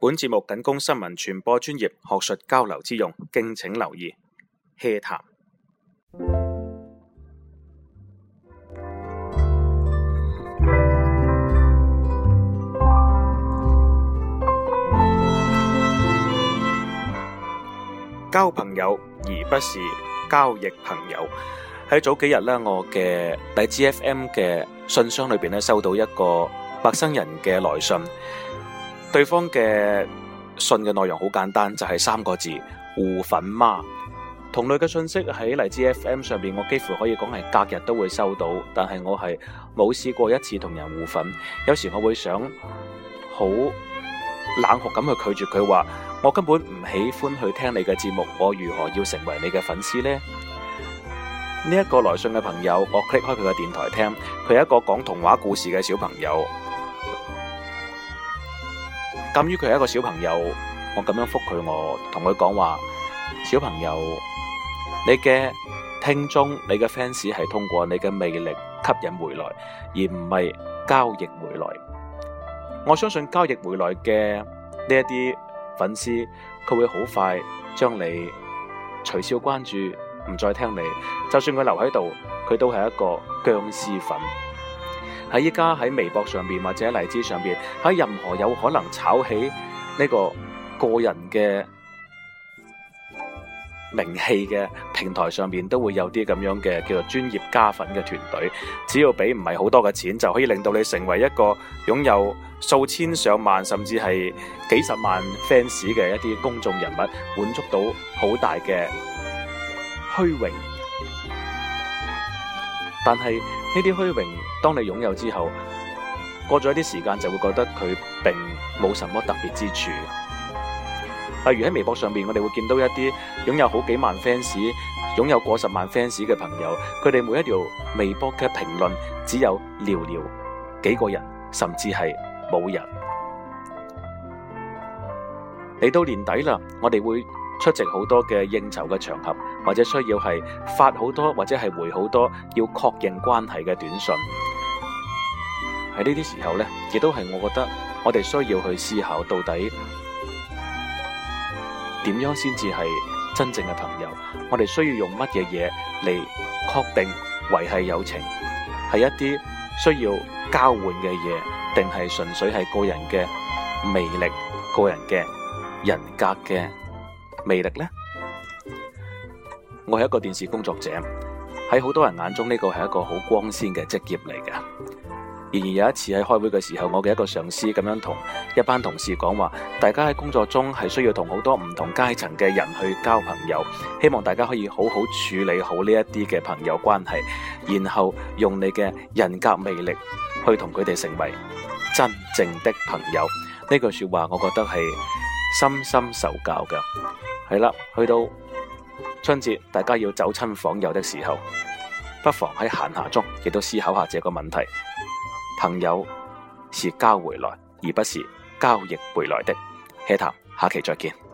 本節目僅供新聞傳播專業學術交流之用，敬請留意。傾談交朋友，而不是交易朋友。喺早幾日咧，我嘅荔枝 FM 嘅信箱裏邊咧，收到一個陌生人嘅來信。對方嘅信嘅內容好簡單，就係三個字互粉媽。同類嘅信息喺荔枝 FM 上面，我幾乎可以講係隔日都會收到，但係我係冇試過一次同人互粉。有時我會想好冷酷咁去拒絕佢話，我根本唔喜歡去聽你嘅節目，我如何要成為你嘅粉絲呢？呢一個來信嘅朋友，我 click 開佢嘅電台聽，佢係一個講童話故事嘅小朋友。鑒於佢係一個小朋友，我咁樣複佢，我同佢講話：小朋友，你嘅聽眾、你嘅 fans 係通過你嘅魅力吸引回來，而唔係交易回來。我相信交易回來嘅呢一啲粉絲，佢會好快將你取消關注，唔再聽你。就算佢留喺度，佢都係一個僵屍粉。喺依家喺微博上邊或者荔枝上邊，喺任何有可能炒起呢個個人嘅名氣嘅平台上邊，都會有啲咁樣嘅叫做專業加粉嘅團隊。只要俾唔係好多嘅錢，就可以令到你成為一個擁有數千上萬甚至係幾十萬 fans 嘅一啲公眾人物，滿足到好大嘅虛榮。但係。呢啲虛榮，當你擁有之後，過咗一啲時間，就會覺得佢並冇什麼特別之處。例如喺微博上邊，我哋會見到一啲擁有好幾萬 fans、擁有過十萬 fans 嘅朋友，佢哋每一條微博嘅評論只有寥寥幾個人，甚至係冇人。嚟到年底啦，我哋會。出席好多嘅應酬嘅場合，或者需要係發好多或者係回好多要確認關係嘅短信。喺呢啲時候呢，亦都係我覺得我哋需要去思考到底點樣先至係真正嘅朋友。我哋需要用乜嘢嘢嚟確定維繫友情？係一啲需要交換嘅嘢，定係純粹係個人嘅魅力、個人嘅人格嘅？魅力呢，我係一個電視工作者，喺好多人眼中呢個係一個好光鮮嘅職業嚟嘅。然而有一次喺開會嘅時候，我嘅一個上司咁樣同一班同事講話：大家喺工作中係需要同好多唔同階層嘅人去交朋友，希望大家可以好好處理好呢一啲嘅朋友關係，然後用你嘅人格魅力去同佢哋成爲真正的朋友。呢句說話，我覺得係。深深受教嘅係啦，去到春節，大家要走親訪友的時候，不妨喺閒暇中亦都思考下這個問題：朋友是交回來，而不是交易回來的。hea 談，下期再見。